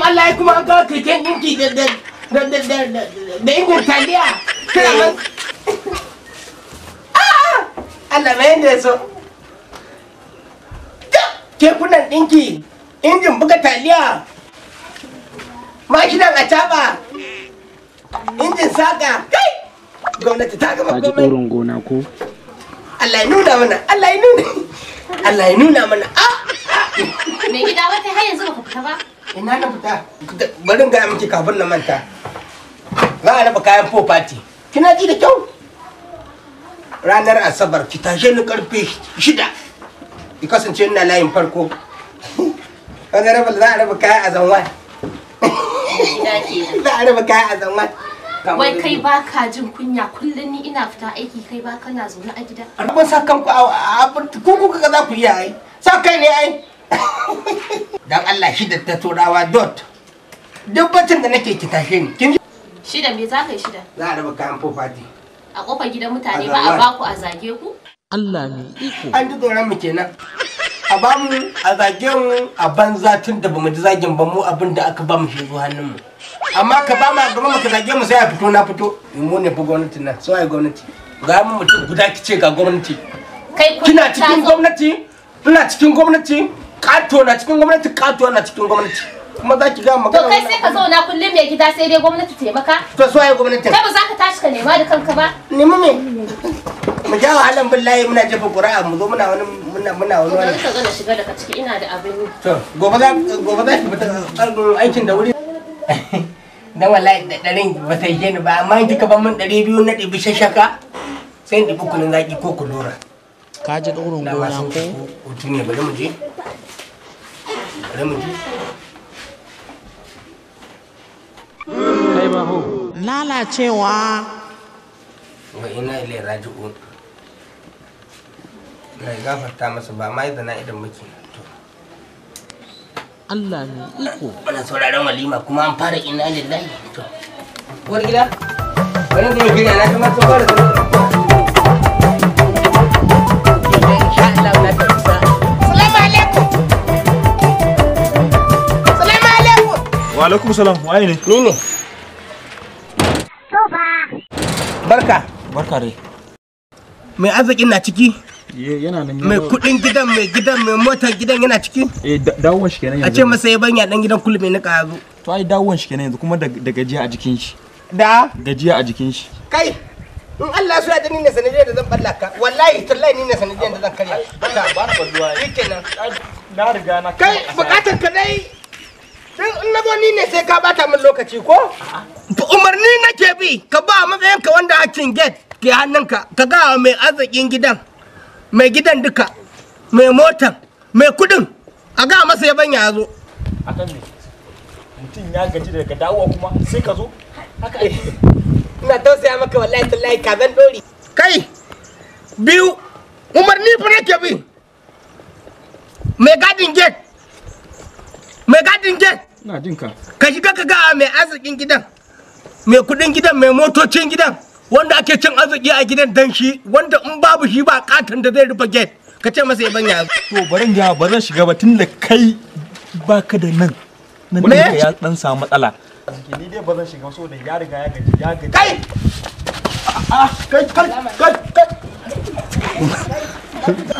kuma Allah ya kuma an kawo keken ɗinki da da da da da da da ingon taliya kana ah! Allah mai ne so kekunan ɗinki injin buga taliya mashinan a caɓa injin saƙa kai gwamnati ta gama gwamnati ta ji tsoron gona ko Allah ya nuna mana Allah ya nuna Allah ya nuna mana Ah! mai gida wata har yanzu baka fita ba ina na fita bari gaya miki kafin na manta za a raba kayan popati. kina ji da kyau ranar asabar ki tashe ni karfe shida ki kasance ina layin farko wani raba za a raba kayan a zanwa za a raba kayan a zanwa wai kai ba ka jin kunya kullum ni ina fita aiki kai ba kana zaune a gida. Rabon sa kanku a abin kuka za ku yi ai. Sa kai ne ai. dan Allah da ta turawa dot duk batun da nake ki tashe ni kin shida me zaka yi shida za a raba kayan fofati a kofar gidan mutane ba a baku a zage ku Allah ne iko an ji tsoron mu kenan a ba mu a zage mu a banza tun da bamu ji zagin ba mu abin da aka ba mu shi zuwa hannun mu amma ka ba mu a gaba mu ka zage mu sai a fito na fito mu ne fa gwamnati nan so ai gwamnati ga mu mutum guda kice ga gwamnati kai kuna cikin gwamnati kuna cikin gwamnati kato na cikin gwamnati kato na cikin gwamnati kuma za ki ga magana to kai sai ka zauna kullum mai gida sai dai gwamnati ta maka to so ai gwamnati kai ba za ka tashi ka nema da kanka ba nemi me mu ja wa alam billahi muna jefa qur'a mu zo muna wani muna muna wani wani ka ga na shiga daga ciki ina da abin to gobe za gobe za ki fita aikin da wuri dan wallahi da darin ba sai ni ba amma kika ban mun 200 na dibi shashaka sai in dibi kullun zaki ko kullura ka ji daurin gona ko utune bari mu je bari mu ji lalacewa wa ina ilai raji'un mai gafarta masa ba ma da idan muke to Allah ne iko muna sauraron walima kuma an fara ina lillahi to war gida gina na alaikum salam waye ne lolo toba barka barka re mai arzikin na ciki yana nan mai kudin gidan mai gidan mai motar gidan yana ciki eh dawowar shi kenan yanzu a ce masa ya banya dan gidan kulme na kazo to ai dawowar shi kenan yanzu kuma da gajiya a jikin shi da gajiya a jikin shi kai in Allah so ya ni ne sanadiyar da zan balla ka wallahi tallahi ni ne sanadiyar da zan karya ba na balluwa shikenan na riga na kai bukatar ka dai Eh, in na ne sai ka bata min lokaci ko umarni nake bi ka ba matsayinka wanda hakin gate ke hannunka ka ga mai arzikin gidan mai gidan duka mai motan mai kudin a ga masa ya ya zo akan me mutum ya gaji daga dawowa kuma sai ka zo haka ina tausaya maka wallahi tallahi ka zan dori kai biyu umarni fa nake bi mai gadin gate mai gadin gate jin ka. Ka shiga ka ga mai arzikin gidan, mai kudin gidan, mai motocin gidan, wanda ake cin arziki a gidan dan shi, wanda in babu shi ba katon da zai rufe gate. Ka ce masa yaban ya. To barin ja ba zan shiga ba tunda kai baka da nan. Nan ne ya dan samu matsala. Ni dai ba zan shiga so da ya riga ya gaji ya gaji. Kai! Ah, ah, kai kai kai kai!